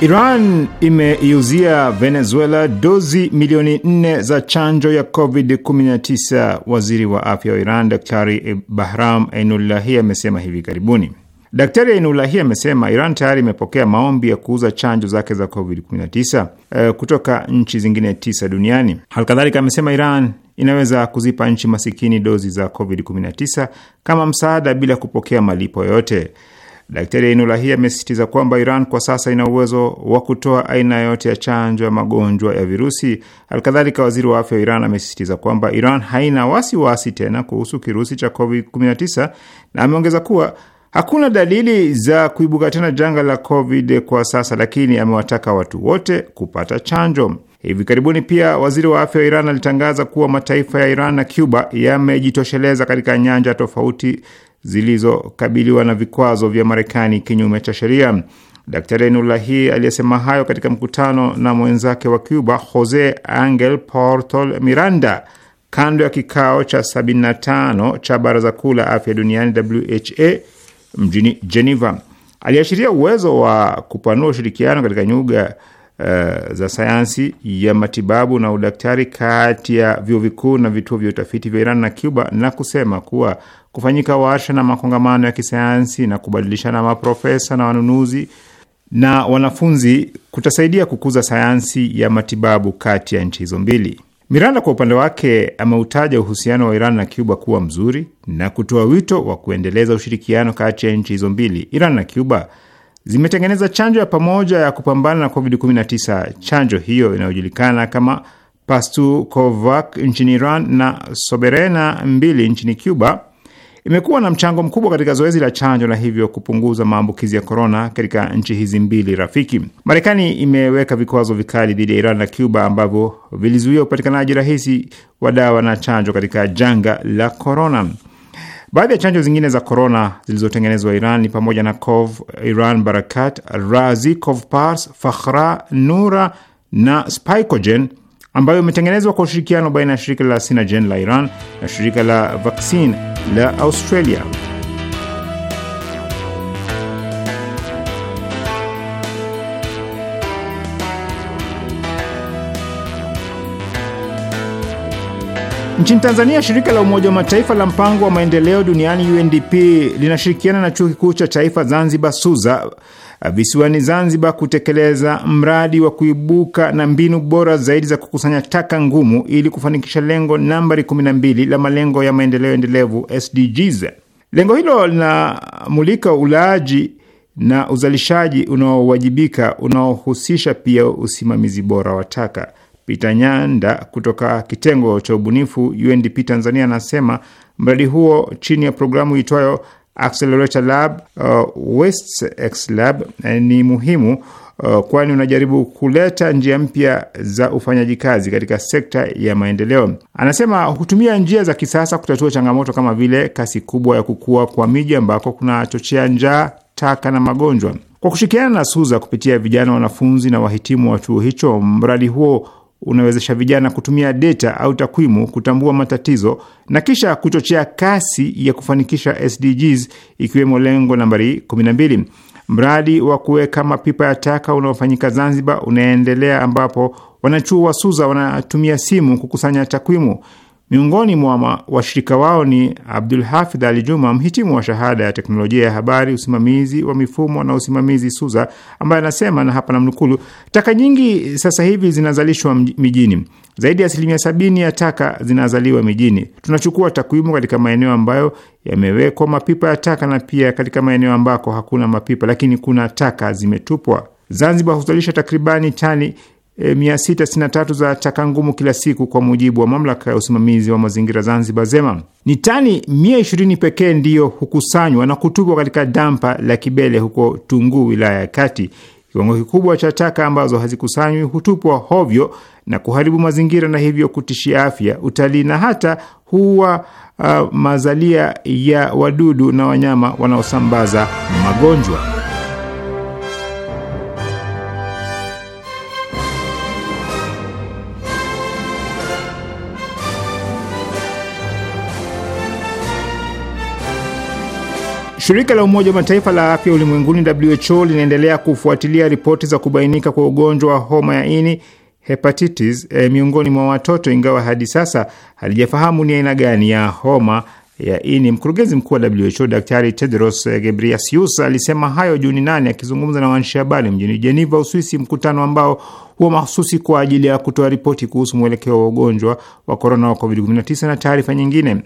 Iran imeiuzia Venezuela dozi milioni nne za chanjo ya COVID-19. Waziri wa afya wa Iran Daktari Bahram Ainullahi amesema hivi karibuni. Daktari Ainullahi amesema Iran tayari imepokea maombi ya kuuza chanjo zake za COVID-19 uh, kutoka nchi zingine tisa duniani. Halikadhalika amesema Iran inaweza kuzipa nchi masikini dozi za COVID-19 kama msaada bila kupokea malipo yoyote. Daktari Ainulahi amesisitiza kwamba Iran kwa sasa ina uwezo wa kutoa aina yote ya chanjo ya magonjwa ya virusi. Alkadhalika, waziri wa afya wa Iran amesisitiza kwamba Iran haina wasiwasi wasi tena kuhusu kirusi cha COVID-19 na ameongeza kuwa hakuna dalili za kuibuka tena janga la COVID kwa sasa, lakini amewataka watu wote kupata chanjo. Hivi karibuni pia waziri wa afya wa Iran alitangaza kuwa mataifa ya Iran na Cuba yamejitosheleza katika nyanja tofauti zilizokabiliwa na vikwazo vya Marekani kinyume cha sheria. Dr Ainulahi aliyesema hayo katika mkutano na mwenzake wa Cuba Jose Angel Portol Miranda kando ya kikao cha 75 cha Baraza Kuu la Afya Duniani wha mjini Geneva, aliashiria uwezo wa kupanua ushirikiano katika nyuga uh, za sayansi ya matibabu na udaktari kati ya vyuo vikuu na vituo vya utafiti vya Iran na Cuba na kusema kuwa kufanyika warsha na makongamano ya kisayansi na kubadilishana maprofesa na wanunuzi na wanafunzi kutasaidia kukuza sayansi ya matibabu kati ya nchi hizo mbili. Miranda kwa upande wake ameutaja uhusiano wa Iran na Cuba kuwa mzuri na kutoa wito wa kuendeleza ushirikiano kati ya nchi hizo mbili. Iran na Cuba zimetengeneza chanjo ya pamoja ya kupambana na COVID-19. Chanjo hiyo inayojulikana kama Pastukovac nchini Iran na Soberena mbili nchini Cuba imekuwa na mchango mkubwa katika zoezi la chanjo na hivyo kupunguza maambukizi ya korona katika nchi hizi mbili rafiki. Marekani imeweka vikwazo vikali dhidi ya Iran na Cuba ambavyo vilizuia upatikanaji rahisi wa dawa na chanjo katika janga la korona. Baadhi ya chanjo zingine za korona zilizotengenezwa Iran ni pamoja na Cov Iran Barakat, Razikov Pars, Fakhra, Nura na Spikogen ambayo imetengenezwa kwa ushirikiano baina ya shirika la Sinagen la Iran na shirika la Vaksin la Australia. Nchini Tanzania, shirika la Umoja wa Mataifa la mpango wa maendeleo duniani UNDP linashirikiana na chuo kikuu cha taifa Zanzibar SUZA visiwani Zanzibar kutekeleza mradi wa kuibuka na mbinu bora zaidi za kukusanya taka ngumu ili kufanikisha lengo nambari 12 la malengo ya maendeleo endelevu SDGs. Lengo hilo linamulika ulaaji na uzalishaji unaowajibika unaohusisha pia usimamizi bora wa taka. Peter Nyanda kutoka kitengo cha ubunifu UNDP Tanzania anasema mradi huo chini ya programu itwayo Accelerator Lab uh, X Lab eh, ni muhimu uh, kwani unajaribu kuleta njia mpya za ufanyaji kazi katika sekta ya maendeleo. Anasema hutumia njia za kisasa kutatua changamoto kama vile kasi kubwa ya kukua kwa miji ambako kunachochea njaa, taka na magonjwa. Kwa kushirikiana na SUZA kupitia vijana, wanafunzi na wahitimu wa chuo hicho, mradi huo unawezesha vijana kutumia data au takwimu kutambua matatizo na kisha kuchochea kasi ya kufanikisha SDGs ikiwemo lengo nambari 12. Mradi wa kuweka mapipa ya taka unaofanyika Zanzibar unaendelea ambapo wanachuo wa SUZA wanatumia simu kukusanya takwimu. Miongoni mwa washirika wao ni Abdul Hafidh Ali Juma, mhitimu wa shahada ya teknolojia ya habari, usimamizi wa mifumo na usimamizi SUZA, ambaye anasema na hapa namnukulu: taka nyingi sasa hivi zinazalishwa mijini. Zaidi ya asilimia sabini ya taka zinazaliwa mijini. Tunachukua takwimu katika maeneo ambayo yamewekwa mapipa ya taka na pia katika maeneo ambako hakuna mapipa, lakini kuna taka zimetupwa. Zanzibar huzalisha takribani tani 663 eh, za taka ngumu kila siku kwa mujibu wa mamlaka ya usimamizi wa mazingira Zanzibar ZEMA. Ni tani 120 pekee ndiyo hukusanywa na kutupwa katika dampa la Kibele huko Tunguu, wilaya ya Kati. Kiwango kikubwa cha taka ambazo hazikusanywi hutupwa hovyo na kuharibu mazingira na hivyo kutishia afya, utalii na hata huwa uh, mazalia ya wadudu na wanyama wanaosambaza magonjwa. Shirika la Umoja wa Mataifa la afya ulimwenguni WHO linaendelea kufuatilia ripoti za kubainika kwa ugonjwa wa homa ya ini hepatitis eh, miongoni mwa watoto, ingawa hadi sasa halijafahamu ni aina gani ya homa ya ini. Mkurugenzi mkuu wa WHO Daktari Tedros eh, Ghebreyesus alisema hayo Juni nane akizungumza na waandishi habari mjini Jeneva, Uswisi, mkutano ambao huwa mahususi kwa ajili ya kutoa ripoti kuhusu mwelekeo wa ugonjwa wa korona wa COVID-19 na taarifa nyingine.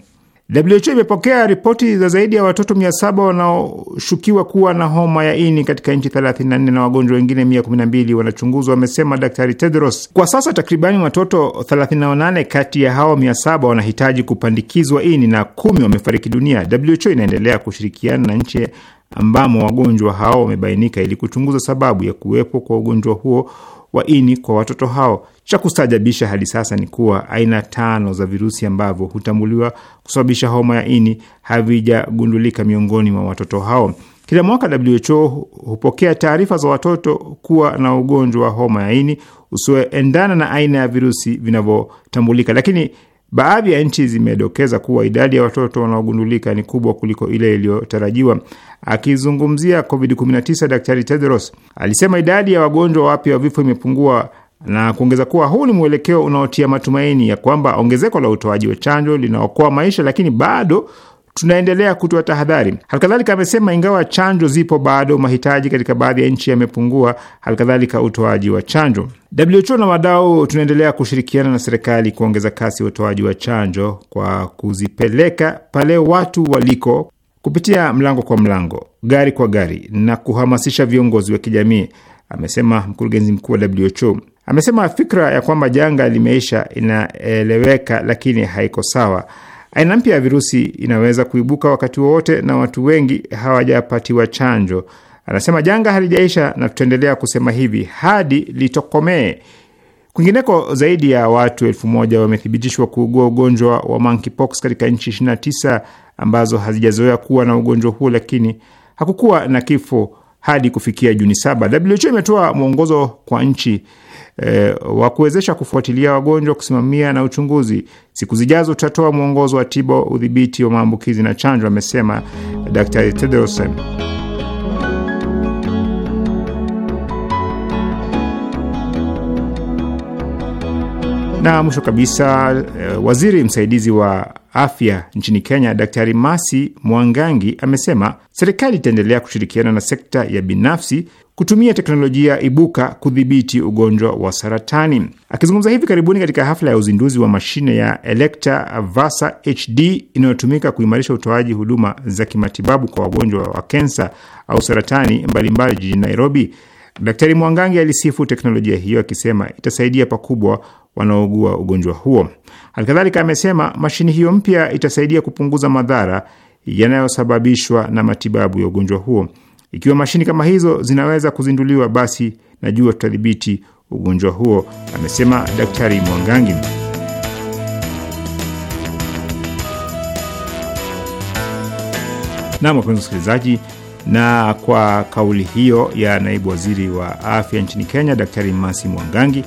WHO imepokea ripoti za zaidi ya watoto 700 wanaoshukiwa kuwa na homa ya ini katika nchi 34 na wagonjwa wengine 112 wanachunguzwa, wamesema Daktari Tedros. Kwa sasa takribani watoto 38 kati ya hao 700 wanahitaji kupandikizwa ini na kumi wamefariki dunia. WHO inaendelea kushirikiana na nchi ambamo wagonjwa hao wamebainika ili kuchunguza sababu ya kuwepo kwa ugonjwa huo wa ini kwa watoto hao. Cha kustaajabisha hadi sasa ni kuwa aina tano za virusi ambavyo hutambuliwa kusababisha homa ya ini havijagundulika miongoni mwa watoto hao. Kila mwaka WHO hupokea taarifa za watoto kuwa na ugonjwa wa homa ya ini usioendana na aina ya virusi vinavyotambulika, lakini baadhi ya nchi zimedokeza kuwa idadi ya watoto wanaogundulika ni kubwa kuliko ile iliyotarajiwa. Akizungumzia COVID-19, Daktari Tedros alisema idadi ya wagonjwa wapya wa vifo imepungua na kuongeza kuwa huu ni mwelekeo unaotia matumaini ya kwamba ongezeko la utoaji wa chanjo linaokoa maisha, lakini bado tunaendelea kutoa tahadhari. Halikadhalika amesema ingawa chanjo zipo, bado mahitaji katika baadhi ya nchi yamepungua, halikadhalika utoaji wa chanjo. WHO na wadau tunaendelea kushirikiana na serikali kuongeza kasi ya utoaji wa chanjo kwa kuzipeleka pale watu waliko kupitia mlango kwa mlango, gari kwa gari na kuhamasisha viongozi wa kijamii, amesema mkurugenzi mkuu wa WHO. Amesema fikra ya kwamba janga limeisha inaeleweka, lakini haiko sawa. Aina mpya ya virusi inaweza kuibuka wakati wowote, na watu wengi hawajapatiwa chanjo. Anasema janga halijaisha na tutaendelea kusema hivi hadi litokomee. Kwingineko, zaidi ya watu elfu moja wamethibitishwa kuugua ugonjwa wa monkeypox katika nchi 29 ambazo hazijazoea kuwa na ugonjwa huo lakini hakukuwa na kifo hadi kufikia Juni saba. WHO imetoa mwongozo kwa nchi e, wa kuwezesha kufuatilia wagonjwa, kusimamia na uchunguzi. Siku zijazo tutatoa mwongozo wa tiba, udhibiti wa maambukizi na chanjo, amesema Daktari Tedros. Na mwisho kabisa, eh, waziri msaidizi wa afya nchini Kenya, Daktari Masi Mwangangi amesema serikali itaendelea kushirikiana na sekta ya binafsi kutumia teknolojia ibuka kudhibiti ugonjwa wa saratani. Akizungumza hivi karibuni katika hafla ya uzinduzi wa mashine ya Elekta Vasa HD inayotumika kuimarisha utoaji huduma za kimatibabu kwa wagonjwa wa kensa au saratani mbalimbali jijini Nairobi, Daktari Mwangangi alisifu teknolojia hiyo akisema itasaidia pakubwa wanaougua ugonjwa huo. Halikadhalika amesema mashini hiyo mpya itasaidia kupunguza madhara yanayosababishwa na matibabu ya ugonjwa huo. Ikiwa mashini kama hizo zinaweza kuzinduliwa, basi najua tutadhibiti ugonjwa huo, amesema Daktari Mwangangi. Nam, wapenzi msikilizaji, na kwa kauli hiyo ya naibu waziri wa afya nchini Kenya, Daktari Masi Mwangangi,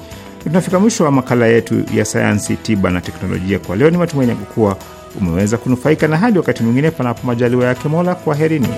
Tunafika mwisho wa makala yetu ya sayansi, tiba na teknolojia kwa leo. Ni matumaini yangu kuwa umeweza kunufaika, na hadi wakati mwingine, panapo majaliwa yake Mola, kwaherini.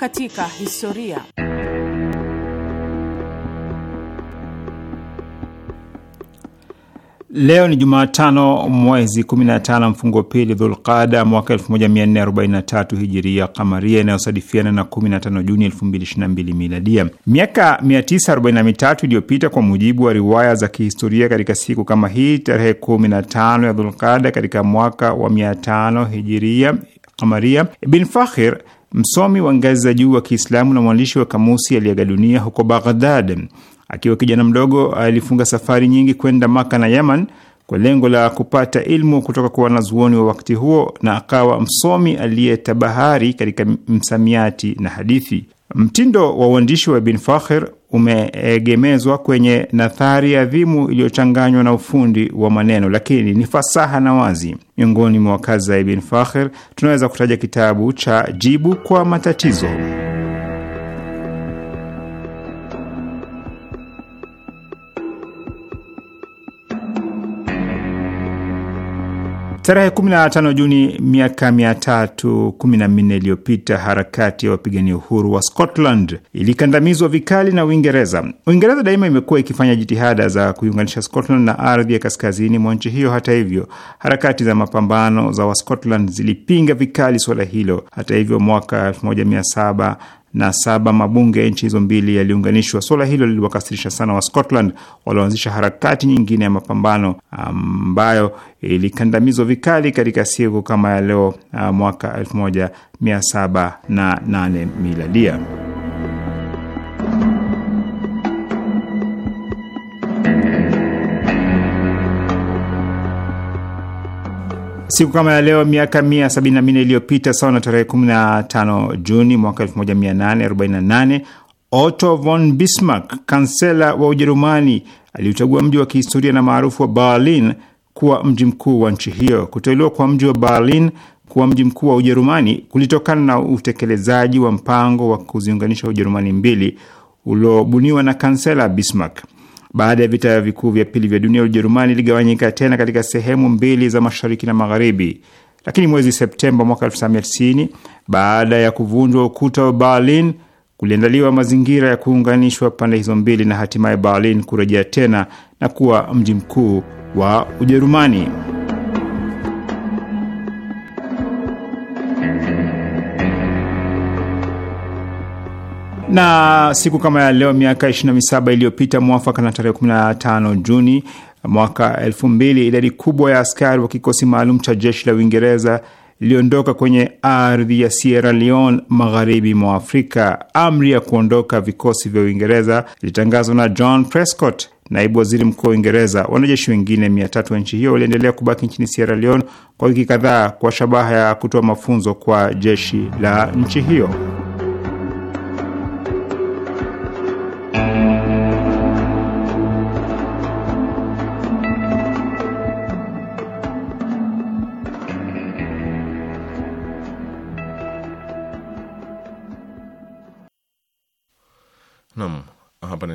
katika historia. Leo ni Jumatano, mwezi 15 mfungo pili Dhulqada mwaka 1443 hijiria kamaria, inayosadifiana na 15 Juni 2022 miladia. Miaka 943 iliyopita, kwa mujibu wa riwaya za kihistoria, katika siku kama hii tarehe 15 ya Dhulqada katika mwaka wa 500 hijiria kamaria, Ibn Fakhir msomi wa ngazi za juu wa Kiislamu na mwandishi wa kamusi aliaga dunia huko Baghdad. Akiwa kijana mdogo, alifunga safari nyingi kwenda Maka na Yaman kwa lengo la kupata ilmu kutoka kwa wanazuoni wa wakati huo, na akawa msomi aliyetabahari katika msamiati na hadithi. Mtindo wa uandishi wa Ibn Fakhir umeegemezwa kwenye nathari adhimu iliyochanganywa na ufundi wa maneno, lakini ni fasaha na wazi. Miongoni mwa kazi za Ibn Fakhr tunaweza kutaja kitabu cha Jibu kwa Matatizo. Tarehe 15 Juni miaka 314 iliyopita harakati ya wapigania uhuru wa Scotland ilikandamizwa vikali na Uingereza. Uingereza daima imekuwa ikifanya jitihada za kuiunganisha Scotland na ardhi ya kaskazini mwa nchi hiyo. Hata hivyo, harakati za mapambano za Wascotland zilipinga vikali suala hilo. Hata hivyo, mwaka na saba mabunge ya nchi hizo mbili yaliunganishwa. Suala hilo liliwakasirisha sana wa Scotland walioanzisha harakati nyingine ya mapambano ambayo ilikandamizwa vikali katika siku kama ya leo ah, mwaka 1708 miladia. Siku kama ya leo miaka 174 iliyopita, sawa na tarehe 15 Juni mwaka 1848, Otto von Bismarck, kansela wa Ujerumani, aliuchagua mji wa kihistoria na maarufu wa Berlin kuwa mji mkuu wa nchi hiyo. Kuteuliwa kwa mji wa Berlin kuwa mji mkuu wa Ujerumani kulitokana na utekelezaji wa mpango wa kuziunganisha Ujerumani mbili uliobuniwa na kansela Bismarck. Baada ya vita vikuu vya pili vya dunia, Ujerumani iligawanyika tena katika sehemu mbili za mashariki na magharibi. Lakini mwezi Septemba mwaka 1990 baada ya kuvunjwa ukuta wa Berlin, kuliandaliwa mazingira ya kuunganishwa pande hizo mbili na hatimaye Berlin kurejea tena na kuwa mji mkuu wa Ujerumani. Na siku kama ya leo miaka 27 iliyopita mwafaka na tarehe 15 Juni mwaka 2000 idadi kubwa ya askari wa kikosi maalum cha jeshi la Uingereza iliondoka kwenye ardhi ya Sierra Leone magharibi mwa Afrika. Amri ya kuondoka vikosi vya Uingereza ilitangazwa na John Prescott, naibu waziri mkuu wa Uingereza. Wanajeshi wengine mia tatu wa nchi hiyo waliendelea kubaki nchini Sierra Leone kwa wiki kadhaa kwa shabaha ya kutoa mafunzo kwa jeshi la nchi hiyo.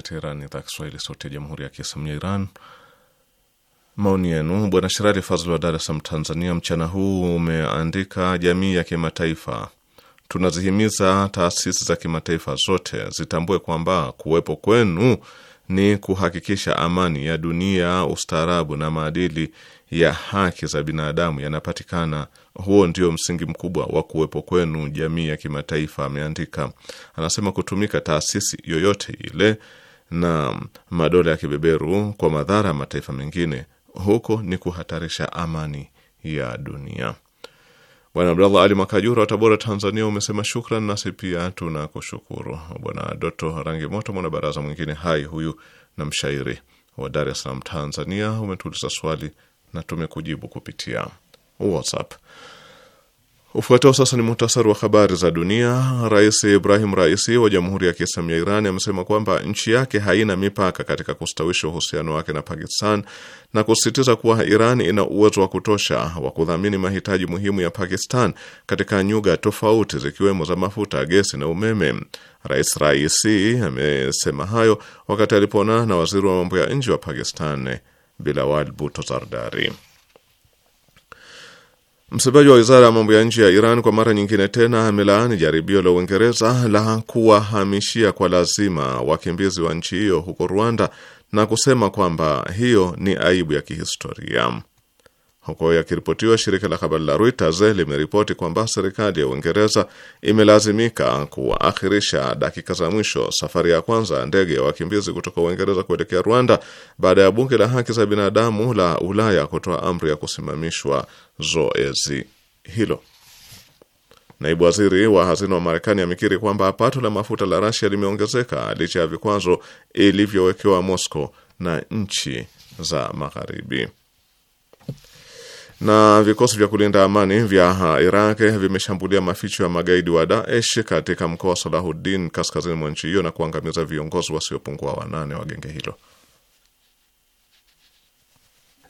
Teheran, idhaa Kiswahili, sauti ya jamhuri ya kiislamu ya Iran. Maoni yenu. Bwana Shirali Fazl wa Dar es Salaam, Tanzania, mchana huu umeandika, jamii ya kimataifa tunazihimiza taasisi za kimataifa zote zitambue kwamba kuwepo kwenu ni kuhakikisha amani ya dunia, ustaarabu na maadili ya haki za binadamu yanapatikana. Huo ndio msingi mkubwa wa kuwepo kwenu jamii ya kimataifa, ameandika. Anasema kutumika taasisi yoyote ile na madola ya kibeberu kwa madhara ya mataifa mengine huko ni kuhatarisha amani ya dunia. Bwana Abdallah Ali Makajura wa Tabora, Tanzania, umesema shukran, nasi pia tunakushukuru. Bwana Doto Rangi Moto, mwana baraza mwingine hai huyu na mshairi wa Dar es Salaam, Tanzania, umetuuliza swali na tumekujibu kupitia WhatsApp. Ufuatao sasa ni muhtasari wa habari za dunia. Rais Ibrahim Raisi wa Jamhuri ya Kiislamu ya Iran amesema kwamba nchi yake haina mipaka katika kustawisha uhusiano wake na Pakistan na kusisitiza kuwa Iran ina uwezo wa kutosha wa kudhamini mahitaji muhimu ya Pakistan katika nyuga tofauti zikiwemo za mafuta, gesi na umeme. Rais Raisi amesema hayo wakati alipoonana na waziri wa mambo ya nje wa Pakistan Bilawal Bhutto Zardari. Msemaji wa wizara ya mambo ya nje ya Iran kwa mara nyingine tena amelaani jaribio la Uingereza la kuwahamishia kwa lazima wakimbizi wa nchi hiyo huko Rwanda na kusema kwamba hiyo ni aibu ya kihistoria huku yakiripotiwa, shirika la habari la Reuters limeripoti kwamba serikali ya Uingereza imelazimika kuakhirisha dakika za mwisho safari ya kwanza ya ndege ya wakimbizi kutoka Uingereza kuelekea Rwanda baada ya bunge la haki za binadamu la Ulaya kutoa amri ya kusimamishwa zoezi hilo. Naibu waziri wa hazina wa Marekani amekiri kwamba pato la mafuta la Rasia limeongezeka licha ya vikwazo ilivyowekewa Moscow na nchi za Magharibi. Na vikosi vya kulinda amani vya Iraq vimeshambulia maficho ya magaidi wa Daesh katika mkoa wa Salahuddin kaskazini mwa nchi hiyo na kuangamiza viongozi wasiopungua wanane wa genge hilo.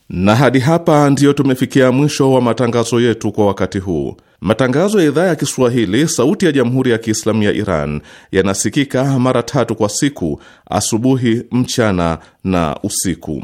Na hadi hapa ndiyo tumefikia mwisho wa matangazo yetu kwa wakati huu. Matangazo ya idhaa ya Kiswahili sauti ya Jamhuri ya Kiislamu ya Iran yanasikika mara tatu kwa siku: asubuhi, mchana na usiku.